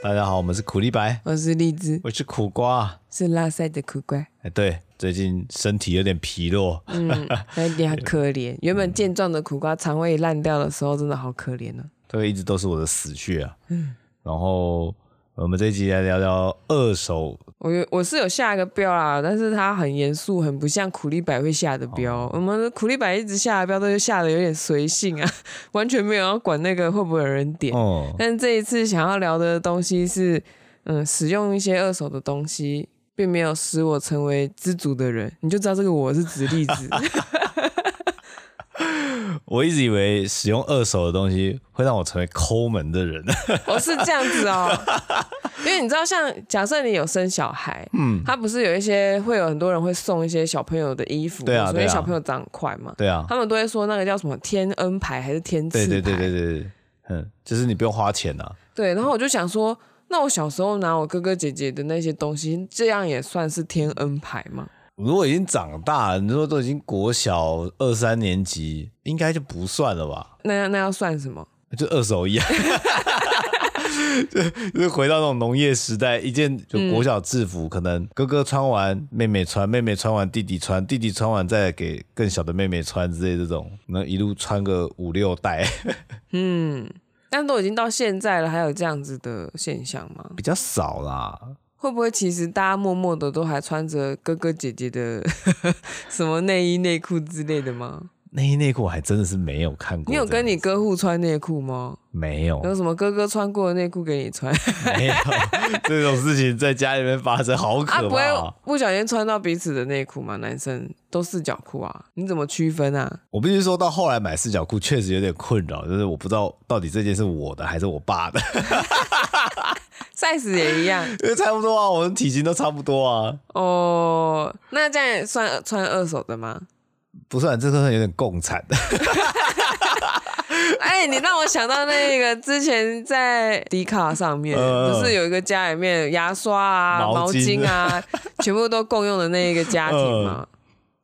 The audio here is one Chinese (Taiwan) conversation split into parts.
大家好，我們是苦力白，我是栗子，我是苦瓜，是拉塞的苦瓜。哎，欸、對，最近身體有點疲弱，嗯，有一點很可憐。 對原本健壯的苦瓜，腸胃爛掉的時候，真的好可憐呢、啊。對，一直都是我的死穴啊。嗯，然後。我們這一集來聊聊二手。我我是有下一個標啦，但是它很嚴肅，很不像苦力百會下的標。哦、我們苦力百一直下的標都下得有點隨性啊，完全沒有要管那個會不會有人點。哦、但是這一次想要聊的東西是，嗯，使用一些二手的東西，並沒有使我成為知足的人。你就知道這個我是指栗子。 我一直以為使用二手的東西會讓我成為摳門的人，我是這樣子哦、喔，因為你知道，像假設你有生小孩，嗯，他不是有一些會有很多人會送一些小朋友的衣服，啊，所以小朋友長快嘛，對啊，他們都會說那個叫什麼天恩牌還是天賜，對對對對對，嗯，就是你不用花錢吶、啊，對，然後我就想說，那我小時候拿我哥哥姐姐的那些東西，這樣也算是天恩牌嗎？如果已經長大，你說都已經國小二三年級，應該就不算了吧？那那要算什麼？就二手衣啊， 就回到那種農業時代，一件就國小制服，嗯、可能哥哥穿完，妹妹穿，妹妹穿完，弟弟穿，弟弟穿完再給更小的妹妹穿之類的這種，能一路穿個五六代。 嗯，但都已經到現在了，還有這樣子的現象嗎？比較少啦。會不會其實大家默默的都還穿着哥哥姐姐的什麼內衣內褲之類的嗎？內 衣內褲我還真的是沒有看過。你有跟你哥互穿內褲嗎？沒有。有什麼哥哥穿過的內褲給你穿？沒有， 這種事情在家裡面發生好可怕。啊，不會不小心穿到彼此的內褲嘛？男生都四角褲啊，你怎麼區分啊？我必須說到後來買四角褲確實有點困擾，就是我不知道到底這件是我的還是我爸的。 size 也一樣，因為差不多啊，我們體型都差不多啊。哦，oh, 那這樣也算穿二手的嗎？不算，這算有點共產。哎、 欸，你讓我想到那個之前在 d 卡上面，呃、就是有一個家裡面牙刷啊、毛巾啊，巾全部都共用的那一個家庭嘛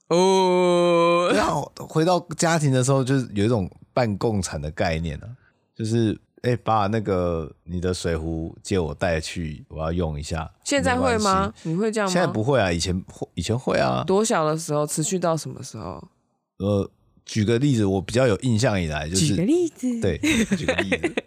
哦，那、呃 oh、回到家庭的時候，就是有一種半共產的概念呢、啊，就是。哎，把、欸、那個你的水壺借我帶去，我要用一下。現在會嗎？你會這樣嗎？現在不會啊，以前會，以前會啊、嗯。多小的時候，持續到什麼時候？呃，舉個例子，我比較有印象以來，就是舉個例子，對，舉個例子。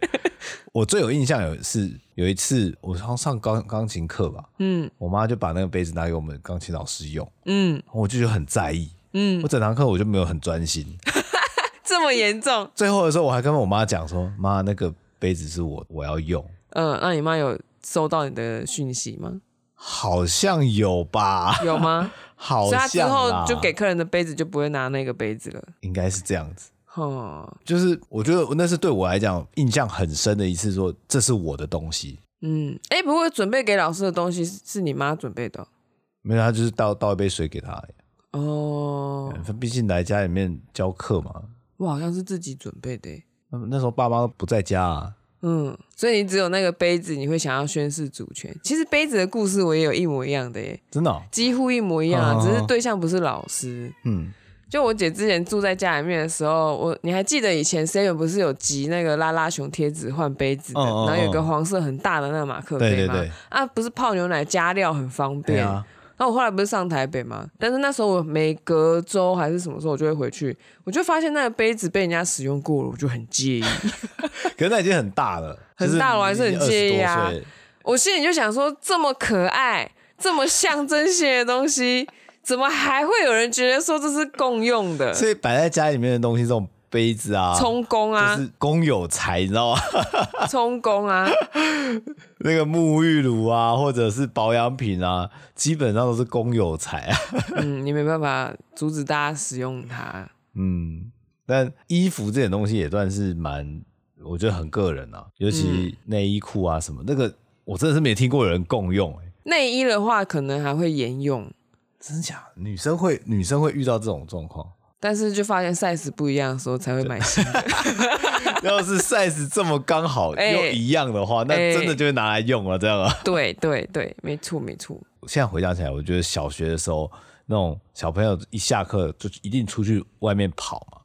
我最有印象有是有一次，我上上鋼鋼琴課吧，嗯，我媽就把那個杯子拿給我們鋼琴老師用，嗯，我就覺得很在意，嗯，我整堂課我就沒有很專心， 這麼嚴重。最後的時候，我還跟我媽講說，媽，那個。杯子是我我要用，嗯，那你媽有收到你的訊息嗎？好像有吧？有嗎？好像、啊。之後就給客人的杯子就不會拿那個杯子了，應該是這樣子。嗯、哦，就是我覺得那是對我來講印象很深的一次，說這是我的東西。嗯，哎，不過準備給老師的東西是你媽準備的、哦？沒有，她就是倒倒一杯水給他。哦，他畢竟來家裡面教課嘛。我好像是自己準備的。那時候爸媽不在家啊，嗯，所以你只有那個杯子，你會想要宣示主權。其實杯子的故事我也有一模一樣的耶，真的，哦、幾乎一模一樣啊，哦、只是對象不是老師。嗯，就我姐之前住在家裡面的時候，我你還記得以前7-11不是有集那個拉拉熊貼紙換杯子的，哦哦哦，然後有個黃色很大的那個馬克杯嗎？對對對啊，不是泡牛奶加料很方便。那、啊、我後來不是上台北嘛，但是那時候我每隔周還是什麼時候，我就會回去，我就發現那個杯子被人家使用過了，我就很介意。 可是那已經很大了，很大了我還是很介意。啊。我心裡就想說，這麼可愛、這麼象徵性的東西，怎麼還會有人覺得說這是共用的？所以擺在家裡面的東西這種。杯子啊，充公啊，就是公有財，你知道嗎？充公啊， 那個沐浴乳啊，或者是保養品啊，基本上都是公有財啊。 嗯，你沒辦法阻止大家使用它。嗯，但衣服這點東西也算是蠻，我覺得很個人啊，尤其內衣褲啊什麼，嗯、那個我真的是沒聽過有人共用，欸。內衣的話，可能還會沿用。真的假的？女生會，女生會遇到這種狀況。但是就發現 size 不一樣的時候才會買新。對 要是 size 這麼剛好又一樣的話，欸、那真的就會拿來用了，欸、這樣。對對對，沒錯沒錯。現在回想起來，我覺得小學的時候，那種小朋友一下課就一定出去外面跑嘛，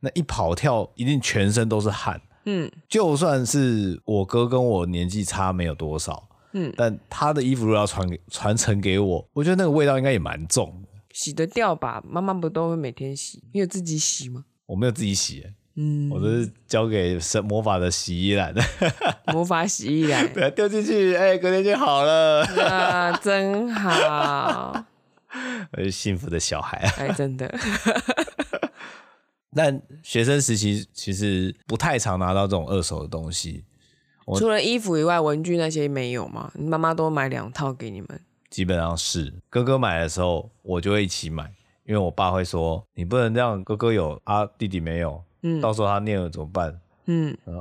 那一跑跳，一定全身都是汗。嗯，就算是我哥跟我年紀差沒有多少，嗯，但他的衣服如果要傳給傳承給我，我覺得那個味道應該也蠻重。洗得掉吧，媽媽不都會每天洗，你有自己洗嗎？我沒有自己洗，嗯，我都是交給魔法的洗衣籃的，魔法洗衣籃， 對、啊，丟進去，哎、欸，隔天就好了，啊、 呃，真好， 我是幸福的小孩哎、 欸，真的。 但學生時期其實不太常拿到這種二手的東西，除了衣服以外，文具那些沒有嘛？你媽媽都買兩套給你們。基本上是哥哥買的時候，我就會一起買，因為我爸會說，你不能這樣，哥哥有啊，弟弟沒有，嗯，到時候他念了怎麼辦？嗯，啊，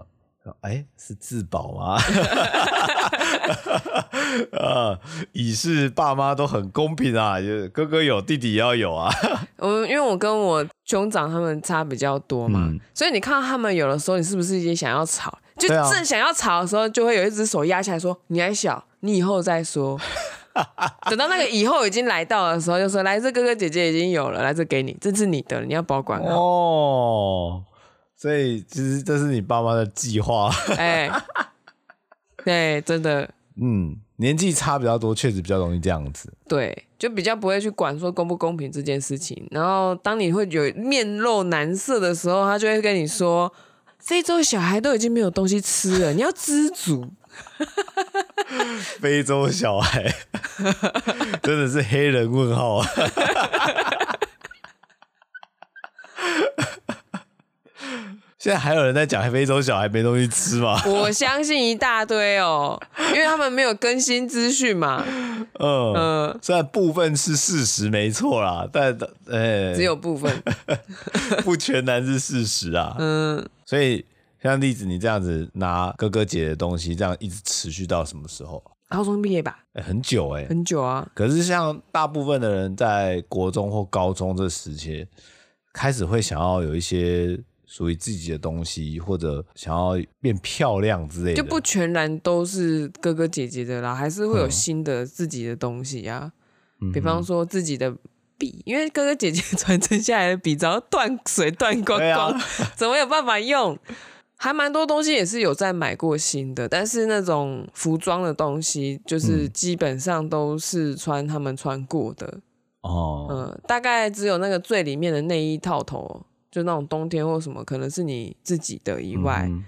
哎、欸，是自保嗎？ 啊，以示爸媽都很公平啊，就是哥哥有，弟弟也要有啊。我 因為我跟我兄長他們差比較多嘛，嗯、所以你看到他們有的時候，你是不是已經想要吵？就正想要吵的時候，就會有一隻手壓起來說：“啊、你還小，你以後再說。”等到那個以後已經來到的時候，就說：“來這哥哥姐姐已經有了，來這給你，這是你的，你要保管哦、啊。” oh, 所以其實這是你爸媽的計劃。哎、 欸，對、欸，真的，嗯，年紀差比較多，確實比較容易這樣子。對，就比較不會去管說公不公平這件事情。然後當你會有面露難色的時候，他就會跟你說：“非洲小孩都已經沒有東西吃了，你要知足。 ”非洲小孩。 真的是黑人問號啊！現在還有人在講非洲小孩沒東西吃嗎？我相信一大堆哦，因為他們沒有更新資訊嘛。嗯嗯，雖然部分是事實，沒錯啦，但呃，只有部分，不全然是事實啊。嗯，所以像栗子你這樣子拿哥哥姐的東西，這樣一直持續到什麼時候？高中畢業吧，欸、很久哎、欸，很久啊。可是像大部分的人在國中或高中這時期，開始會想要有一些屬於自己的東西，或者想要變漂亮之類的。就不全然都是哥哥姐姐的啦，還是會有新的自己的東西啊。嗯、比方說自己的筆，嗯、哼因為哥哥姐姐傳承下來的筆，只要斷水斷光光，對啊、 怎麼有辦法用？還蠻多東西也是有在買過新的，但是那種服裝的東西，就是基本上都是穿他們穿過的哦。嗯、呃，大概只有那個最裡面的內衣套頭，就那種冬天或什麼可能是你自己的以外，嗯、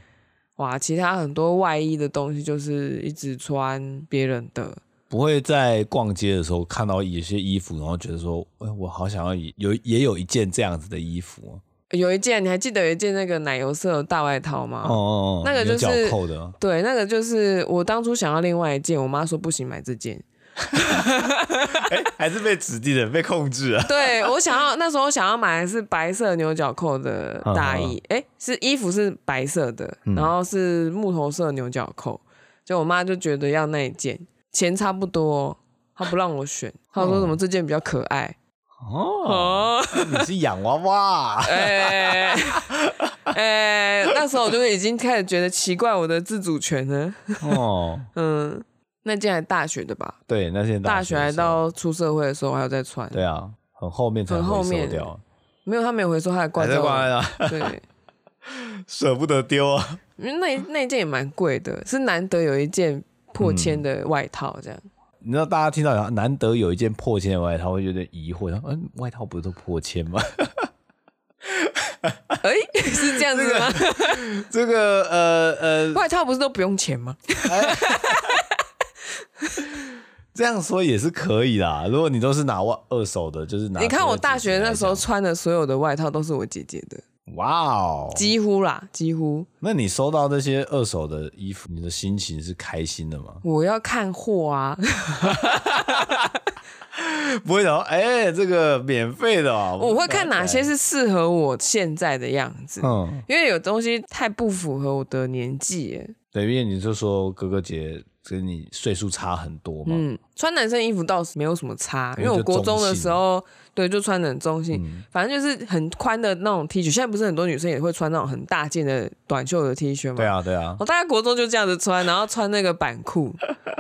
哇，其他很多外衣的東西就是一直穿別人的。不會在逛街的時候看到有些衣服，然後覺得說，哎、我好想要有也有一件這樣子的衣服。有一件，你還記得有一件那個奶油色的大外套嗎？哦,哦,哦，那個就是牛角扣的。對，那個就是我當初想要另外一件，我媽說不行，買這件。哈哈哈哈哈！哎，還是被指定的，被控制啊。對我想要那時候想要買的是白色牛角扣的大衣，哎、嗯嗯欸，是衣服是白色的，然後是木頭色牛角扣，就我媽就覺得要那一件，錢差不多，她不讓我選，她說什麼這件比較可愛。嗯哦，oh, oh, 你是洋娃娃？哎哎、 欸欸，那時候我就已經開始覺得奇怪，我的自主權了。哦，oh. 嗯，那件還大學的吧？對，那件大學，大學還到出社會的時候還要在穿。對啊，很後面穿，很後面。沒有，他沒有回收，他的還掛在、啊、對，舍 不得丟啊，那那件也蠻貴的，是難得有一件破千的外套這樣。嗯。你知道大家聽到“難得有一件破千的外套”，會覺得疑惑：“嗯、呃，外套不是都破千嗎？”哎、 欸，是這樣子的嗎？這個呃、這個、呃，呃外套不是都不用錢嗎、 欸？這樣說也是可以啦，如果你都是拿我二手的，就是拿姐姐。你看我大學那時候穿的所有的外套都是我姐姐的。哇哦，Wow 幾乎啦，幾乎。那你收到這些二手的衣服，你的心情是開心的嗎？我要看貨啊， 不會的，哎、欸，這個免費的、啊。我會看哪些是適合我現在的樣子，嗯，因為有東西太不符合我的年紀。對，因為你就說哥哥姐姐。跟你歲數差很多嘛？嗯，穿男生衣服倒是沒有什麼差，因為，因為我國中的時候，對，就穿得很中性，嗯、反正就是很寬的那種 T 恤。現在不是很多女生也會穿那種很大件的短袖的 T 恤嗎？對啊，對啊，對啊。我大概國中就這樣子穿，然後穿那個板褲，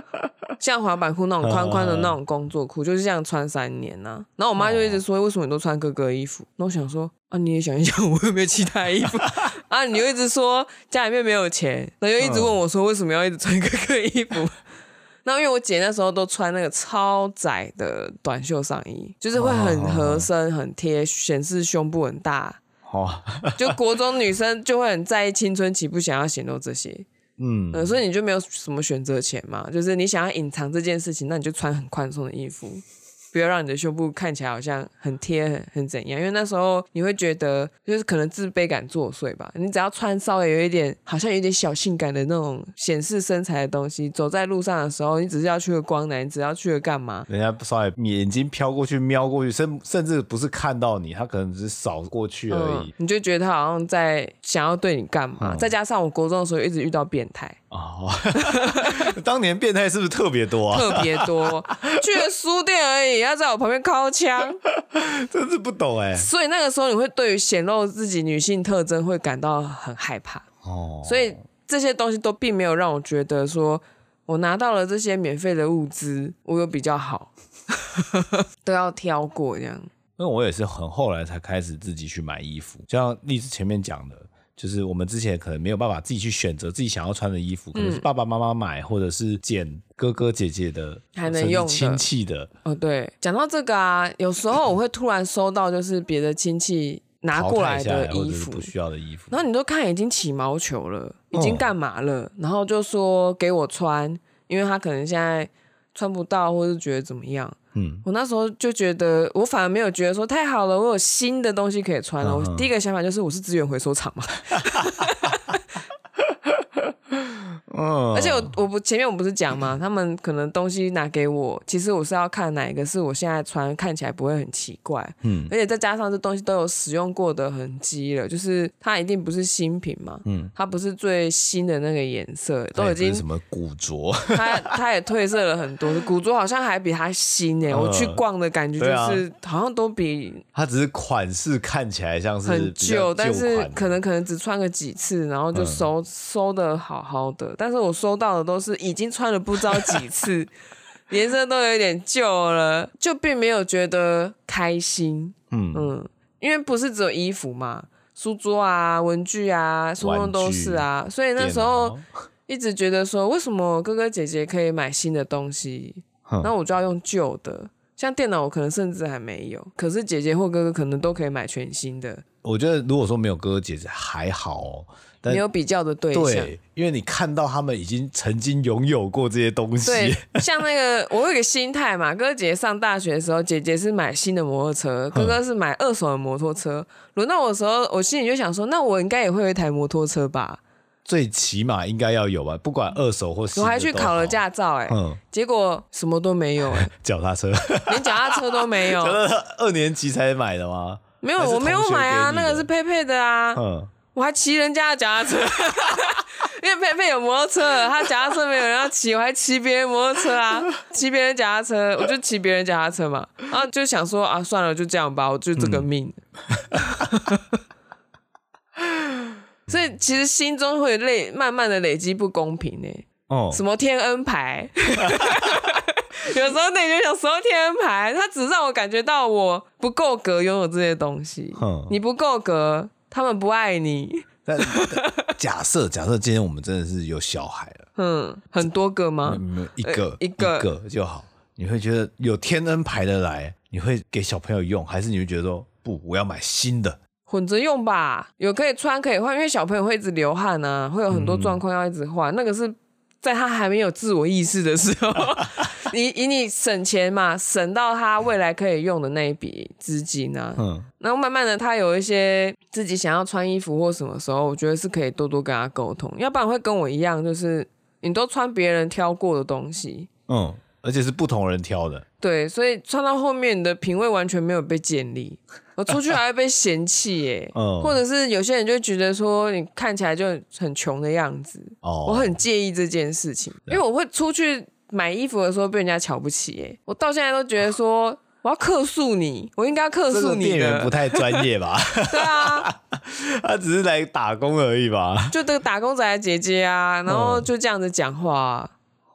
像滑板褲那種寬寬的那種工作褲， 就是這樣穿三年吶、啊。然後我媽就一直說：“哦、為什麼你都穿哥哥衣服？”那我想說：“啊，你也想一想，我有沒有其他衣服？” 啊！你就一直說家裡面沒有錢，那就一直問我說為什麼要一直穿哥哥衣服？嗯、 那因為我姐那時候都穿那個超窄的短袖上衣，就是會很合身、很貼，顯示胸部很大。哦，就國中女生就會很在意青春期不想要顯露這些。嗯,嗯，所以你就沒有什麼選擇權嘛，就是你想要隱藏這件事情，那你就穿很寬鬆的衣服。不要讓你的胸部看起來好像很貼很、很怎樣，因為那時候你會覺得就是可能自卑感作祟吧。你只要穿稍微有一點好像有點小性感的那種顯示身材的東西，走在路上的時候，你只是要去個光男，你只要去了幹嘛，人家稍微眼睛飄過去瞄過去，甚甚至不是看到你，他可能只是掃過去而已、嗯，你就覺得他好像在想要對你幹嘛。嗯、再加上我國中的時候一直遇到變態。哦，當年變態是不是特別多？啊？ 特別多，去了書店而已，要在我旁邊敲槍，真是不懂哎、欸。所以那個時候，你會對於顯露自己女性特徵會感到很害怕。哦，所以這些東西都並沒有讓我覺得說我拿到了這些免費的物資，我有比較好，都要挑過這樣。那我也是很後來才開始自己去買衣服，就像栗子前面講的。就是我們之前可能沒有辦法自己去選擇自己想要穿的衣服，可能是爸爸媽媽買，或者是撿哥哥姐姐的、還能用的親戚的。哦，對，講到這個啊，有時候我會突然收到就是別的親戚拿過來的衣服，是不需要的衣服，然後你都看已經起毛球了，已經幹嘛了，嗯、然後就說給我穿，因為他可能現在。穿不到，或是覺得怎麼樣？嗯，我那時候就覺得，我反而沒有覺得說太好了，我有新的東西可以穿了。呵呵，我第一個想法就是，我是資源回收廠嘛。 嗯，而且我我不前面我不是講嘛，他們可能東西拿給我，其實我是要看哪一個是我現在穿看起來不會很奇怪。嗯，而且再加上這東西都有使用過的痕跡了，就是它一定不是新品嘛。嗯，它不是最新的那個顏色，都已經、欸、什麼古着？ 它它也褪色了很多，古着好像還比它新哎。嗯、我去逛的感覺就是、啊、好像都比它只是款式看起來像是很舊，但是可能可能只穿個幾次，然後就收、嗯、收的好好的。但是我收到的都是已經穿了不知道幾次，顏 色都有一點舊了，就並沒有覺得開心。嗯，嗯，因為不是只有衣服嘛，書桌啊、文具啊，什麼都是啊，具所以那時候一直覺得說，為什麼哥哥姐姐可以買新的東西，那、嗯、我就要用舊的？像電腦，我可能甚至還沒有，可是姐姐或哥哥可能都可以買全新的。我覺得如果說沒有哥哥姐姐，還好。但沒有比較的對象，對，因為你看到他們已經曾經擁有過這些東西。對，像那個我有一個心態嘛，哥哥姐姐上大學的時候，姐姐是買新的摩托車，嗯、哥哥是買二手的摩托車。輪到我的時候，我心裡就想說，那我應該也會有一台摩托車吧？最起碼應該要有啊，不管二手或是。我還去考了駕照、欸，哎、嗯，結果什麼都沒有、欸。 腳踏車， 連腳踏車都沒有。二年級才買的嗎？沒有，我沒有買啊，那個是佩佩的啊。嗯我還騎人家的腳踏車， 因為佩佩有摩托車，他腳踏車沒有人要騎，我還騎別人摩托車啊，騎別人腳踏車，我就騎別人腳踏車嘛。然後就想說啊，算了，就這樣吧，我就這個命。嗯、 所以其實心中會累，慢慢的累積不公平呢。哦，什麼天恩牌， 有時候那個想，有時候天恩牌，它只讓我感覺到我不夠格擁有這些東西。嗯、你不夠格。他們不愛你。但假設 假設今天我們真的是有小孩了，嗯，很多個嗎？一個、欸、一個一個就好。你會覺得有天恩排的來，你會給小朋友用，還是你會覺得說不，我要買新的？混着用吧，有可以穿可以換，因為小朋友會一直流汗啊，會有很多狀況要一直換，嗯、那個是。在他還沒有自我意識的時候，以你省錢嘛，省到他未來可以用的那一筆資金啊。嗯，然後慢慢的，他有一些自己想要穿衣服或什麼的時候，我覺得是可以多多跟他溝通，要不然會跟我一樣，就是你都穿別人挑過的東西。嗯。而且是不同人挑的，對，所以穿到後面你的品味完全沒有被建立，我出去還會被嫌棄耶、欸， 嗯、或者是有些人就覺得說你看起來就很窮的樣子，哦，我很介意這件事情，對因為我會出去買衣服的時候被人家瞧不起、欸，哎，我到現在都覺得說、啊、我要客訴你，我應該要客訴你，這個店員不太專業吧？ 對啊， 他只是來打工而已吧？就這個打工仔的姐姐啊，然後就這樣子講話、啊，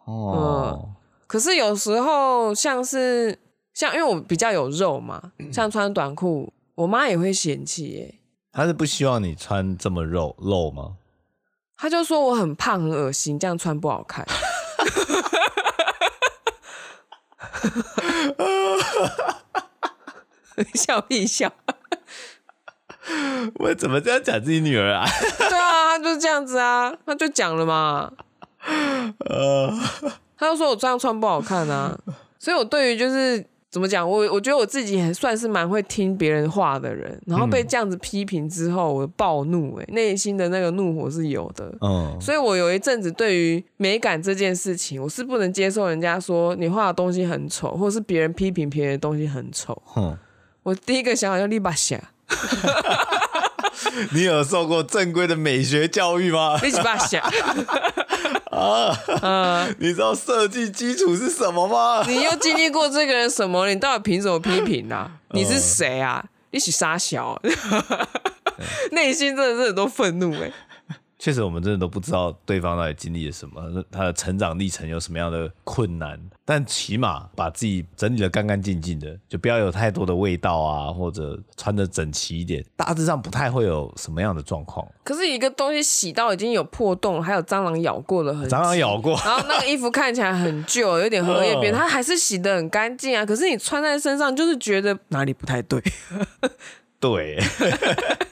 嗯嗯、哦。可是有時候像，像是像，因為我比較有肉嘛，嗯、像穿短褲，我媽也會嫌棄耶、欸。她是不希望你穿這麼肉露嗎？她就說我很胖很噁心，這樣穿不好看。哈哈哈哈哈哈！哈哈哈哈哈哈！笑一笑。我怎麼這樣講自己女兒啊？ 對啊，就是這樣子啊，她就講了嘛。呃。 他說我這樣穿不好看啊，所以我對於就是怎麼講，我我覺得我自己還算是蠻會聽別人話的人。然後被這樣子批評之後，我暴怒、欸，哎，內心的那個怒火是有的。嗯、所以我有一陣子對於美感這件事情，我是不能接受人家說你畫的東西很醜，或者是別人批評別人的東西很醜。嗯、我第一個想法就立巴想，你有受過正規的美學教育嗎？立巴俠。 啊， 你知道設計基礎是什麼嗎？ 你又經歷過這個人什麼？你到底憑什麼批評呢、啊？你是誰啊？一起殺小、啊，內 對心真的是很多憤怒哎確實，我們真的都不知道對方到底經歷了什麼，他的成長歷程有什麼樣的困難。但起碼把自己整理得干干淨淨的，就不要有太多的味道啊，或者穿得整齊一點，大致上不太會有什麼樣的狀況。可是一個東西洗到已經有破洞，還有蟑螂咬過的痕跡、啊，蟑螂咬過，然後那個衣服看起來很舊，有點荷葉邊，哦、它還是洗得很乾淨啊。可是你穿在身上，就是覺得哪裡不太對。 對，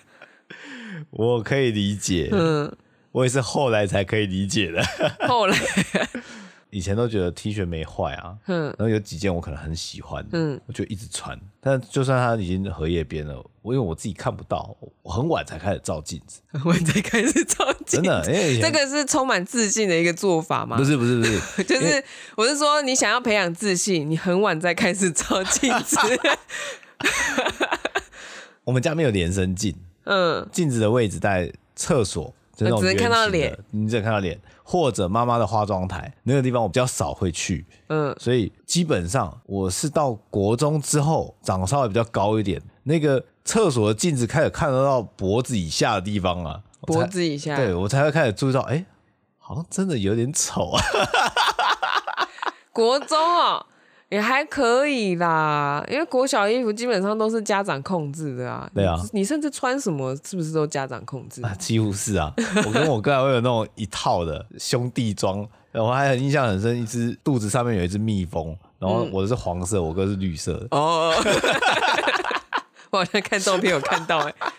我可以理解。嗯。我也是後來才可以理解的。 後來、啊，以前都覺得 T 恤沒壞啊，嗯，然後有幾件我可能很喜歡的，嗯，我就一直穿。但就算它已經荷葉邊了，我因為我自己看不到，我很晚才開始照鏡子，晚才 開始照鏡子，真的，因為這個是充滿自信的一個做法嗎？不是不是不是， 就是我是說，你想要培養自信，你很晚再開始照鏡子。我們家沒有連身鏡，嗯，鏡子的位置在廁所。那只能看到臉，你只能看到臉，或者媽媽的化妝台那個地方，我比較少會去。嗯，所以基本上我是到國中之後，長稍微比較高一點，那個廁所的鏡子開始看得到脖子以下的地方啊，脖子以下，對，我才會開始注意到，哎，好像真的有點醜啊。 國中哦。也還可以啦，因為國小衣服基本上都是家長控制的啊。對啊，你甚至穿什麼是不是都家長控制？啊，幾乎是啊。我跟我哥還有那種一套的兄弟裝，我 還很印象很深，一只肚子上面有一隻蜜蜂，然後我的是黃色，嗯、我哥是綠色哦，我好像看照片有看到哎、欸。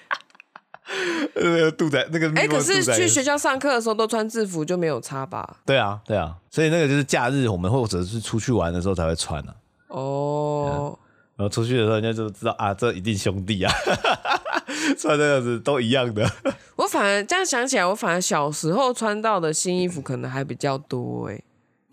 呃，肚子那個哎、欸，可是去學校上課的時候都穿制服，就沒有差吧？對啊，對啊，所以那個就是假日，我們或者是出去玩的時候才會穿呢、啊。哦，然後出去的時候，人家就知道啊，這一定兄弟啊， 穿這樣子都一樣的。我反而這樣想起來，我反而小時候穿到的新衣服可能還比較多誒、欸。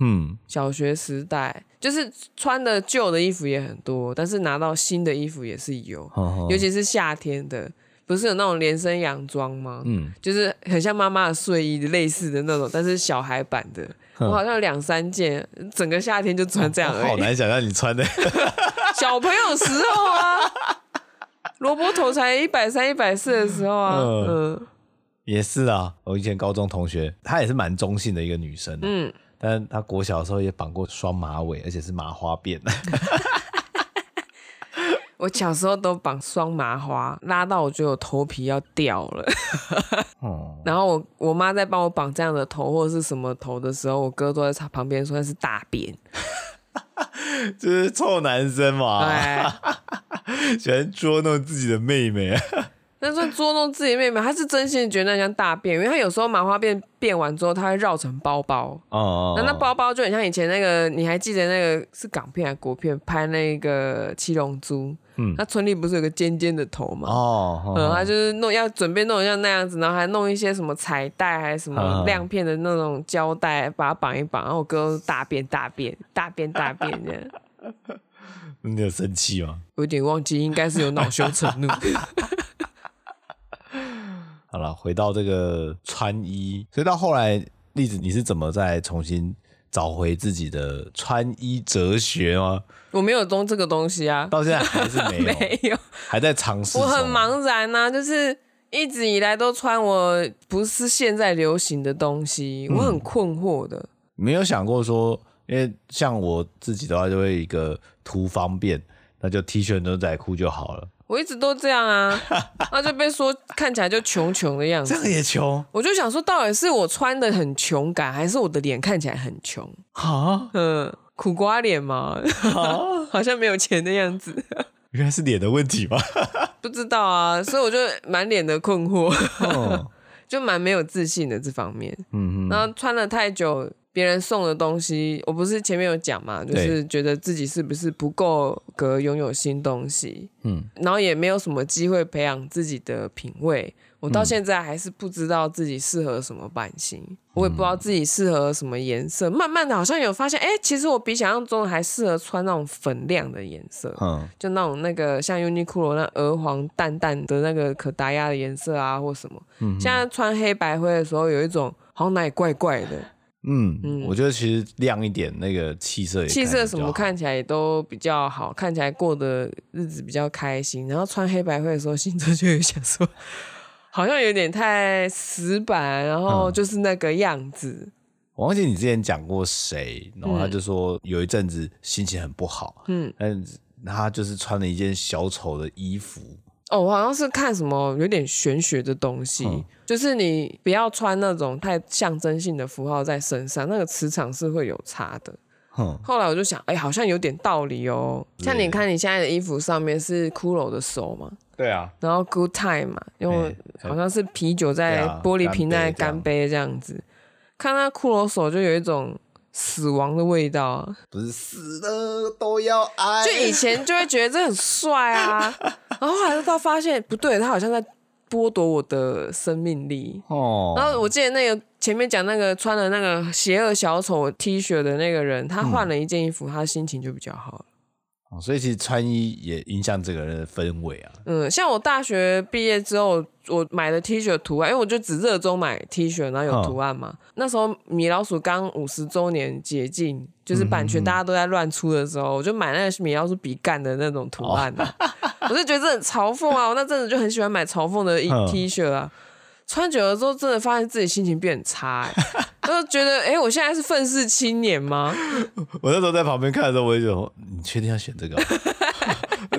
嗯，小學時代就是穿的舊的衣服也很多，但是拿到新的衣服也是有，呵呵尤其是夏天的。不是有那種連身洋裝嗎？嗯，就是很像媽媽的睡衣類似的那種，但是小孩版的。哼我好像有兩三件，整個夏天就穿這樣。好難想象你穿的， 小朋友時候啊，蘿蔔頭才一百三、一百四的時候啊。呃、嗯，也是啊。我以前高中同學，她也是蠻中性的一個女生、啊。嗯，但她國小時候也綁過雙馬尾，而且是麻花辮。 我小時候都綁雙麻花，拉到我覺得我頭皮要掉了。 然後我我媽在幫我綁這樣的頭或者是什麼頭的時候，我哥都在旁邊說那是大便， 就是臭男生嘛，對 喜歡捉弄自己的妹妹。那 算捉弄自己妹妹？她是真心覺得那像大便，因為她有時候麻花辮辮完之後，她會繞成包包。哦。那那包包就很像以前那個，你還記得那個是港片還是國片拍那個七龍珠？嗯，他村裡不是有個尖尖的頭嘛，哦，嗯，他就是弄要準備弄像那樣子，然後還弄一些什麼彩帶，還有什麼亮片的那種膠帶，把它綁一綁，然後我哥大便大便大便大便這樣。 你有生氣嗎？我有點忘記，應該是有惱羞成怒。 好了，回到這個穿衣，所以到後來，栗子你是怎麼再重新？找回自己的穿衣哲學嗎？我沒有懂這個東西啊，到現在還是沒有， 沒有，還在嘗試。我很茫然啊，就是一直以來都穿，我不是現在流行的東西，我很困惑的。嗯，沒有想過說，因為像我自己的話，就會一個圖方便，那就 T 恤牛仔褲就好了。我一直都這樣啊，然後就被說看起來就窮窮的樣子。這樣也窮，我就想說，到底是我穿的很窮感，還是我的臉看起來很窮啊？哈嗯，苦瓜臉嗎？哈好像沒有錢的樣子。原來是臉的問題吧？不知道啊，所以我就滿臉的困惑，哦、 就蠻沒有自信的這方面。嗯哼然後穿了太久。別人送的東西，我不是前面有講嘛，就是覺得自己是不是不夠格擁有新東西，嗯，然後也沒有什麼機會培養自己的品味。我到現在還是不知道自己適合什麼版型，嗯、我也不知道自己適合什麼顏色。嗯、慢慢的，好像有發現，哎，其實我比想象中還適合穿那種粉亮的顏色，嗯，就那種那個像 UNIQLO 那鵝黃淡淡的那個可達鴨的顏色啊，或什麼。嗯、哼現在穿黑白灰的時候，有一種好像哪裡怪怪的。嗯嗯，嗯，我覺得其實亮一點，那個氣色也好，氣色什麼看起來也都比較好，看起來過得日子比較開心。然後穿黑白灰的時候，心中就有想說，好像有點太死板，然後就是那個樣子。王姐、嗯，我忘記你之前講過誰，然後他就說有一陣子心情很不好，嗯，他就是穿了一件小丑的衣服。哦，我好像是看什麼有點玄學的東西，嗯、就是你不要穿那種太象徵性的符號在身上，那個磁場是會有差的。嗯、後來我就想，哎、欸，好像有點道理哦、喔。嗯、像你看，你現在的衣服上面是骷髏的手嘛？對啊。然後 “good time” 嘛，因為、啊、好像是啤酒在玻璃瓶在乾杯這樣子，啊、樣看他骷髏手就有一種。死亡的味道，不是死的都要愛。就以前就會覺得這很帥啊，然後後來到發現不對，他好像在剝奪我的生命力哦。然後我記得那個前面講那個穿了那個邪惡小丑 T 恤的那個人，他換了一件衣服，他心情就比較好。哦，所以其實穿衣也影響這個人的氛圍啊。嗯，像我大學畢業之後，我買的 T 恤圖案，因為我就只熱衷買 T 恤，然後有圖案嘛。嗯、那時候米老鼠剛五十周年解禁，就是版權大家都在亂出的時候，嗯嗯嗯我就買那個米老鼠比幹的那種圖案的、啊。哦、我就覺得這很嘲諷啊！我那陣子就很喜歡買嘲諷的 T 恤啊。嗯、穿久了之後，真的發現自己心情變很差、欸。嗯我就覺得哎、欸，我現在是憤世青年嗎？我那時候在旁邊看的時候，我就說你確定要選這個？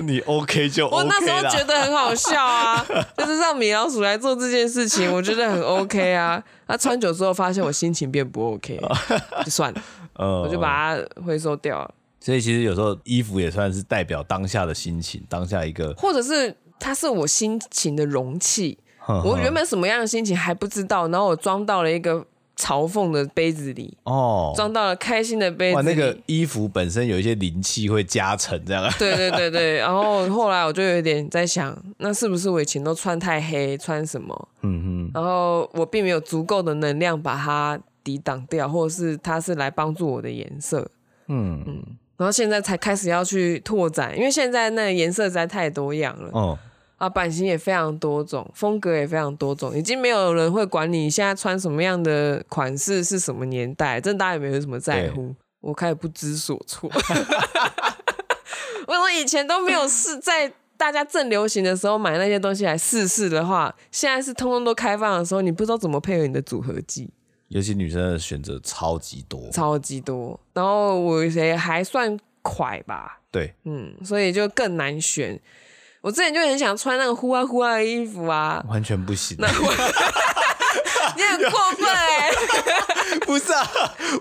你 OK 就 OK。我那時候覺得很好笑啊， 就是讓米老鼠來做這件事情，我覺得很 OK 啊。他穿久之後，發現我心情變不 OK，了 就算了，嗯嗯我就把它回收掉了。所以其實有時候衣服也算是代表當下的心情，當下一個，或者是它是我心情的容器。呵呵我原本什麼樣的心情還不知道，然後我裝到了一個。嘲諷的杯子裡哦，裝、oh. 到了開心的杯子裡。哇，那個衣服本身有一些靈氣會加成，這樣。對對對對， 然後後來我就有點在想，那是不是我以前都穿太黑，穿什麼？嗯哼。然後我並沒有足夠的能量把它抵擋掉，或者是它是來幫助我的顏色。嗯嗯。然後現在才開始要去拓展，因為現在那個顏色實在太多樣了。哦。Oh. 啊，版型也非常多種，風格也非常多種，已經沒有人會管你現在穿什麼樣的款式，是什麼年代，真的大家也沒有什麼在乎。對我開始不知所措， 我說以前都沒有試，在大家正流行的時候買那些東西來試試的話，現在是通通都開放的時候，你不知道怎麼配合你的組合技。尤其女生的選擇超級多，超級多，然後我誰還算快吧？對，嗯，所以就更難選。我之前就很想穿那個呼啊呼啊的衣服啊，完全不行。那我，你很過分哎、欸！不是啊，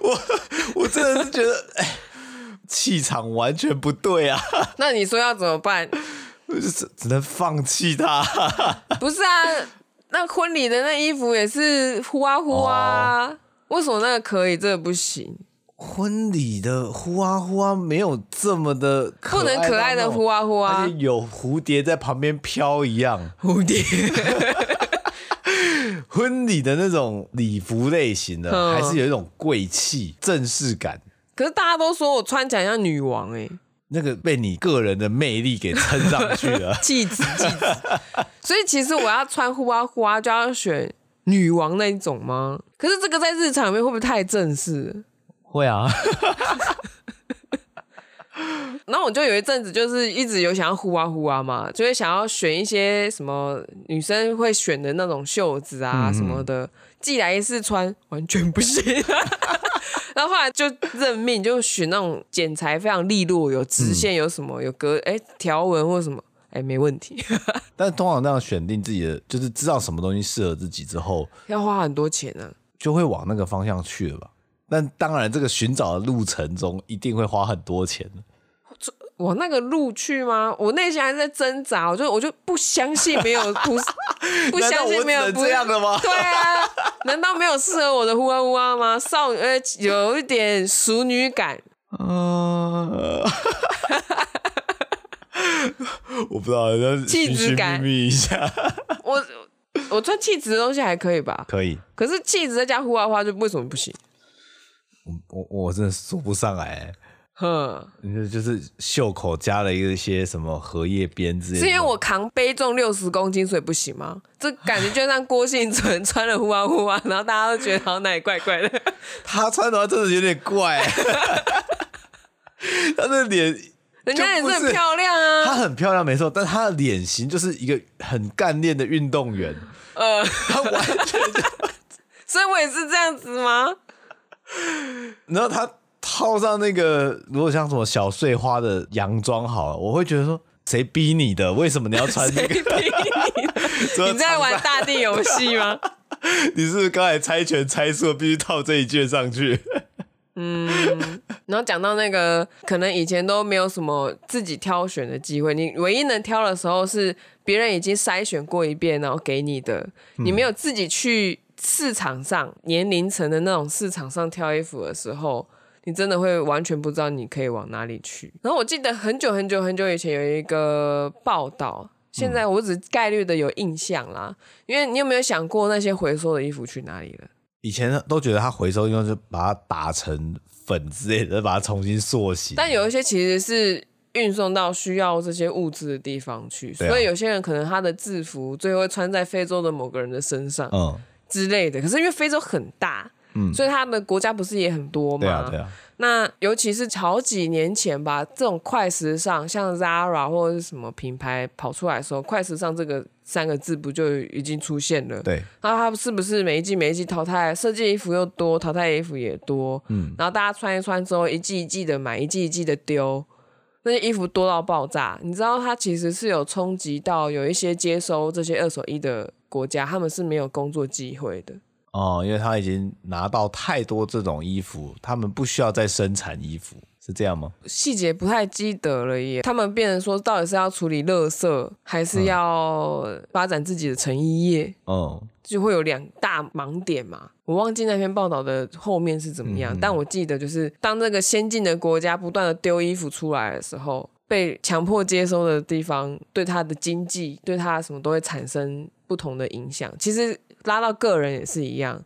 我我真的是覺得，哎，氣場完全不對啊。那你說要怎麼辦？只只能放棄它。不是啊，那婚禮的那衣服也是呼啊呼啊啊，哦，為什麼那個可以，這個不行？婚禮的呼啊呼啊沒有這麼的可不能可愛的呼啊呼啊，有蝴蝶在旁邊飄一樣。蝴蝶 婚禮的那種禮服類型的，嗯、還是有一種貴氣正式感。可是大家都說我穿起來像女王哎，欸，那個被你個人的魅力給撐上去了氣質氣質。所以其實我要穿呼啊呼啊就要選女王那一種嗎？可是這個在日常裡面會不會太正式？會啊， 然後我就有一陣子就是一直有想要呼啊呼啊嘛，就會想要選一些什麼女生會選的那種袖子啊什麼的，寄來一試穿完全不行。嗯嗯、 然後後來就認命，就選那種剪裁非常利落、有直線、有什麼有格哎條紋或什麼哎、欸、沒問題。但是通常那樣選定自己的，就是知道什麼東西適合自己之後，要花很多錢呢，就會往那個方向去了吧。但當然，這個尋找的路程中一定會花很多錢。我我那個路去嗎？我內心還在掙扎。我就我就不相信沒有不不相信沒有不 這樣的嗎？對啊，難道沒有適合我的呼啊呼啊嗎？少女呃，有一點淑女感。嗯，我不知道，是，氣質感一下。氣質我我穿氣質的東西還可以吧？可以。可是氣質再加呼啊呼啊，就為什麼不行？我我真的說不上來，欸，哼呵，你就是袖口加了一些什麼荷葉邊之類。是因為我扛背重六十公斤，所以不行嗎？這感覺就像郭婞淳穿了呼啊呼啊，然後大家都覺得好哪裡怪怪的。他穿的話真的有點怪，欸， 他的臉，人家也是很漂亮啊，他很漂亮，沒錯，但他的臉型就是一個很幹練的運動員。呃，他完全， 所以我也是這樣子嗎？然後他套上那個，如果像什麼小碎花的洋裝，好了，我會覺得說，誰逼你的？為什麼你要穿這、那個？你在玩大地遊戲嗎？ 你是不是剛才猜拳猜錯，必須套這一件上去？嗯，然後講到那個，可能以前都沒有什麼自己挑選的機會，你唯一能挑的時候是別人已經篩選過一遍，然後給你的，你沒有自己去。市場上年齡層的那種市場上挑衣服的時候，你真的會完全不知道你可以往哪裡去。然後我記得很久很久很久以前有一個報道，現在我只概率的有印象啦。嗯、因為你有沒有想過那些回收的衣服去哪裡了？以前都覺得它回收應該是把它打成粉之類的，把它重新塑形。但有一些其實是運送到需要這些物資的地方去，所以有些人可能他的制服最後會穿在非洲的某個人的身上。嗯。之類的，可是因為非洲很大，嗯，所以它的國家不是也很多嘛？對啊，對啊。那尤其是好幾年前吧，這種快時尚，像 Zara 或者是什麼品牌跑出來的時候，快時尚這個三個字不就已經出現了？對。然後它是不是每一季每一季淘汰，設計衣服又多，淘汰衣服也多？嗯。然後大家穿一穿之後，一季一季的買，一季一季的丟，那些衣服多到爆炸。你知道它其實是有衝擊到有一些接收這些二手衣的。國家他們是沒有工作機會的哦，因為他已經拿到太多這種衣服，他們不需要再生產衣服，是這樣嗎？細節不太記得了耶。他們變成說，到底是要處理垃圾，還是要發展自己的成衣業？哦、嗯，就會有兩大盲點嘛。嗯、我忘記那篇報道的後面是怎麼樣，嗯、哼但我記得就是，當這個先進的國家不斷的丟衣服出來的時候，被強迫接收的地方，對他的經濟，對他什麼都會產生。不同的影響，其實拉到個人也是一樣。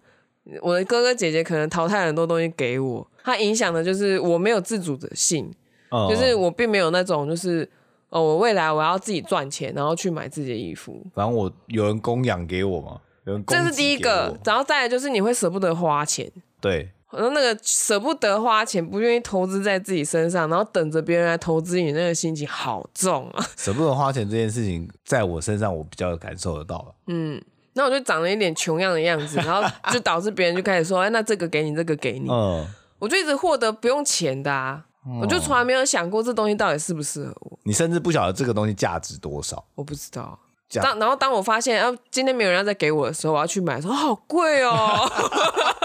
我的哥哥姐姐可能淘汰很多東西給我，他影響的就是我沒有自主的性，嗯、就是我並沒有那種就是，哦，我未來我要自己賺錢，然後去買自己的衣服。反正我有人供養給我嘛，有人供給給我。這是第一個。然後再來就是你會捨不得花錢，對。然後那個捨不得花錢，不願意投資在自己身上，然後等着別人來投資你，那個心情好重啊！捨不得花錢這件事情，在我身上我比較感受得到了。嗯，那我就長了一點窮樣的樣子，然後就導致別人就開始說：“ 哎，那這個給你，這個給你。”嗯，我就一直獲得不用錢的，啊，嗯、我就從來沒有想過這東西到底適不適合我。你甚至不曉得這個東西價值多少，我不知道。當價然後當我發現，啊，今天沒有人要再給我的時候，我要去買，說好貴哦。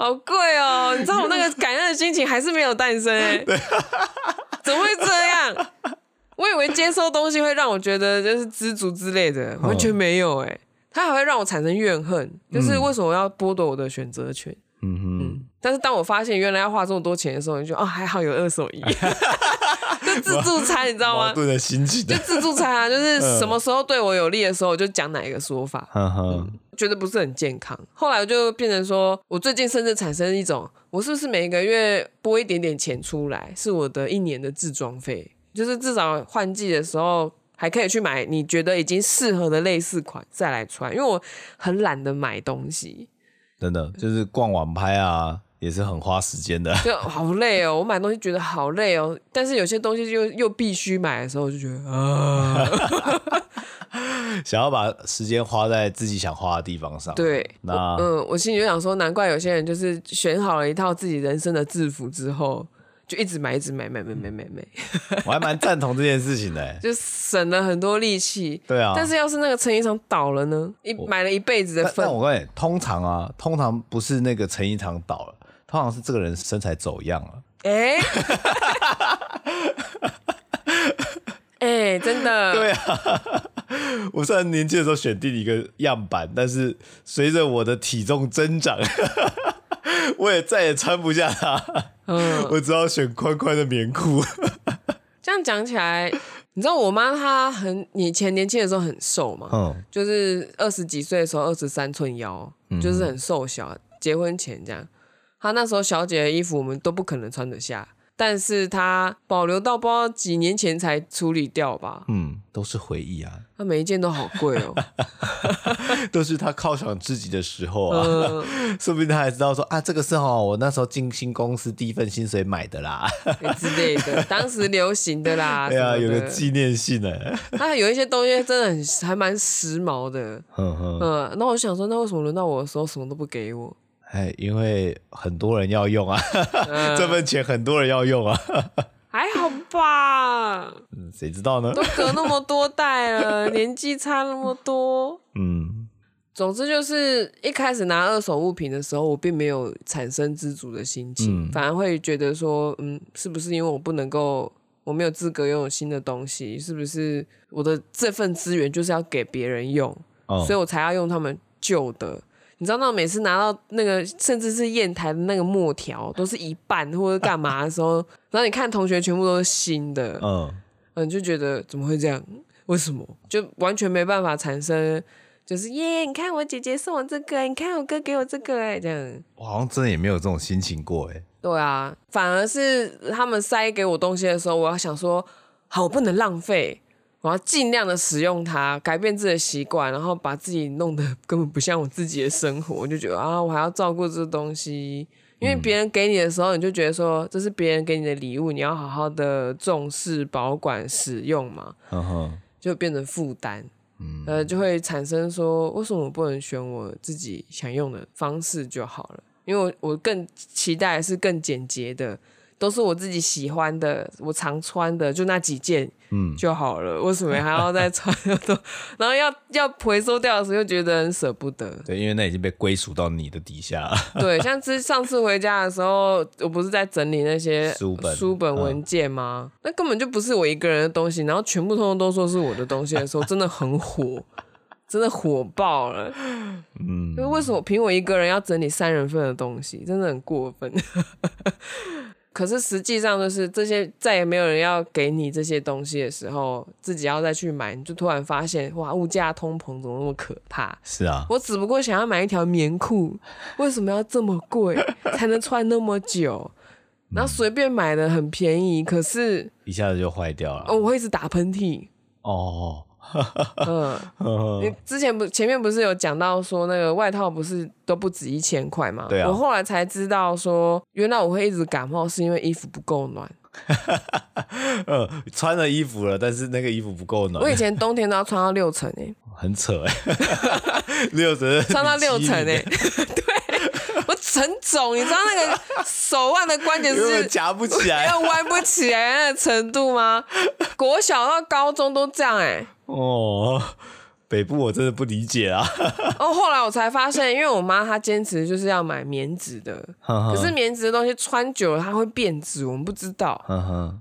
好貴哦、喔！你知道我那個感恩的心情還是沒有誕生哎、欸，怎麼會這樣？我以為接收東西會讓我覺得就是知足之類的，完全沒有哎、欸，它還會讓我產生怨恨，就是為什麼我要剝奪我的選擇權？嗯哼嗯，但是當我發現原來要花這麼多錢的時候，你就哦，還好有二手衣 就自助餐，你知道嗎？矛盾的心智。 就自助餐啊，就是什麼時候對我有利的時候，我就講哪一個說法呵呵、嗯。覺得不是很健康。後來我就變成說，我最近甚至產生一種，我是不是每個月撥一點點錢出來，是我的一年的置裝費？就是至少換季的時候還可以去買你覺得已經適合的類似款再來穿，因為我很懶得買東西。真的、嗯，就是逛網拍啊。也是很花時間的就，就好累哦。我買東西覺得好累哦，但是有些東西就又必須買的時候，我就覺得啊， 想要把時間花在自己想花的地方上。對，那嗯，我心裡就想說，難怪有些人就是選好了一套自己人生的制服之後，就一直買，一直買，買，買，嗯、買，買，買。我還蠻贊同這件事情的、欸，就省了很多力氣。對啊，但是要是那個成衣廠倒了呢？一我買了一輩子的份。我跟你，通常啊，通常不是那個成衣廠倒了。通常是這個人身材走樣了、啊欸。哎，哎，真的，對啊。我雖然年輕的時候選定一個樣板，但是隨着我的體重增長，我也再也穿不下它。嗯，我只好選寬寬的棉褲。這樣講起來，你知道我媽她很以前年輕的時候很瘦嘛，嗯，就是二十幾歲的時候二十三寸腰，就是很瘦小，嗯、結婚前這樣。他那時候小姐的衣服，我們都不可能穿得下，但是他保留到不知道幾年前才處理掉吧。嗯，都是回憶啊。他、啊、每一件都好貴哦， 都是他犒賞自己的時候啊。說不定他還知道說啊，這個是哈、喔，我那時候進新公司第一份薪水買的啦 之類的，當時流行的啦。對啊，有個紀念性的。那有一些東西真的很還蠻時髦的。嗯嗯。嗯，那、嗯、我想說，那為什麼輪到我的時候什麼都不給我？哎，因為很多人要用啊、 呃，這份錢很多人要用啊 ，還好吧？嗯，誰知道呢？都隔那麼多代了， 年紀差那麼多，嗯，總之就是一開始拿二手物品的時候，我並沒有產生知足的心情，嗯、反而會覺得說，嗯，是不是因為我不能夠，我沒有資格擁有新的東西？是不是我的這份資源就是要給別人用，嗯、所以我才要用他們舊的？你知道嗎？每次拿到那個，甚至是硯臺的那個墨條，都是一半或者幹嘛的時候， 然後你看同學全部都是新的，嗯嗯，你就覺得怎麼會這樣？為什麼？就完全沒辦法產生，就是耶，你看我姐姐送我這個，你看我哥給我這個，哎，這樣我好像真的也沒有這種心情過，哎，對啊，反而是他們塞給我東西的時候，我要想說，好，我不能浪費。我要盡量的使用它，改變自己的習慣，然後把自己弄得根本不像我自己的生活，我就覺得啊，我還要照顧這東西，因為別人給你的時候，你就覺得說這是別人給你的禮物，你要好好的重視、保管、使用嘛，uh huh. 就變成負擔，呃，就會產生說為什麼我不能選我自己想用的方式就好了？因為我，我更期待是更簡潔的。都是我自己喜歡的，我常穿的就那幾件就好了，為、嗯、什麼還要再穿？ 然後要要回收掉的時候又覺得很舍不得。對，因為那已經被歸屬到你的底下了。 對，像是上次回家的時候，我不是在整理那些書本、書本文件嗎？嗯、那根本就不是我一個人的東西，然後全部通通都說是我的東西的時候，真的很火， 真的火爆了。嗯，為什麼憑我一個人要整理三人份的東西？真的很過分。 可是實際上，就是這些再也沒有人要給你這些東西的時候，自己要再去買，你就突然發現，哇，物價通膨怎麼那麼可怕？是啊，我只不過想要買一條棉褲，為什麼要這麼貴才能穿那麼久？ 然後隨便買的很便宜，可是一下子就壞掉了。哦，我會一直打噴嚏。哦。Oh. 嗯，嗯，你之前不，前面不是有講到說，那個外套不是都不止一千塊嗎？對啊。我後來才知道說，原來我會一直感冒是因為衣服不夠暖。 嗯，穿了衣服了，但是那個衣服不夠暖。我以前冬天都要穿到六層、欸哦、很扯哎，六層，穿到六層、欸、 對我很腫，你知道那個手腕的關節是夾 不起來、 彎 不起來的程度嗎？ 國小到高中都這樣哎、欸。哦，北部我真的不理解啊！ 哦，後來我才發現，因為我媽她堅持就是要買棉質的， 可是棉質的東西穿久了它會變質，我們不知道。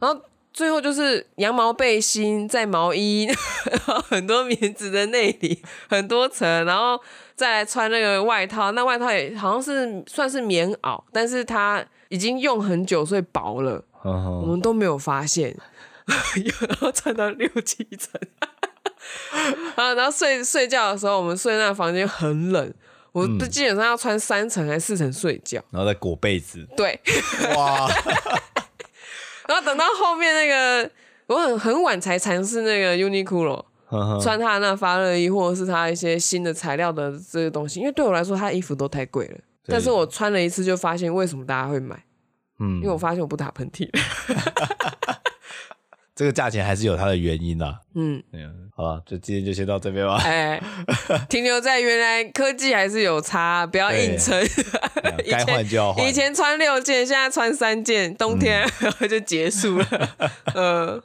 然後最後就是羊毛背心再毛衣，然後很多棉質的內裡很多層，然後再來穿那個外套，那外套也好像是算是棉襖，但是它已經用很久，所以薄了， 我們都沒有發現， 然後穿到六七層。 然後然後睡睡覺的時候，我們睡那個房間很冷，我都基本上要穿三層還是四層睡覺，嗯，然後再裹被子。對，哇， 然後等到後面那個，我很很晚才嘗試那個 Uniqlo，呵穿他那發熱衣或者是他一些新的材料的這個東西，因為對我來說他衣服都太貴了，以但是我穿了一次就發現為什麼大家會買，嗯，因為我發現我不打噴嚏了。 這個價錢還是有它的原因的、啊。嗯，好吧，就今天就先到這邊吧。哎，停留在原來科技還是有差，不要硬撐。該換就要換。以前穿六件，現在穿三件，冬天、嗯、 就結束了。嗯、 呃，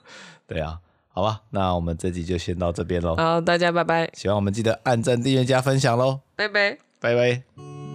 對啊。好吧，那我們這集就先到這邊嘍。好，大家拜拜。喜歡我們記得按讚、訂閱、加分享嘍。拜拜，拜拜。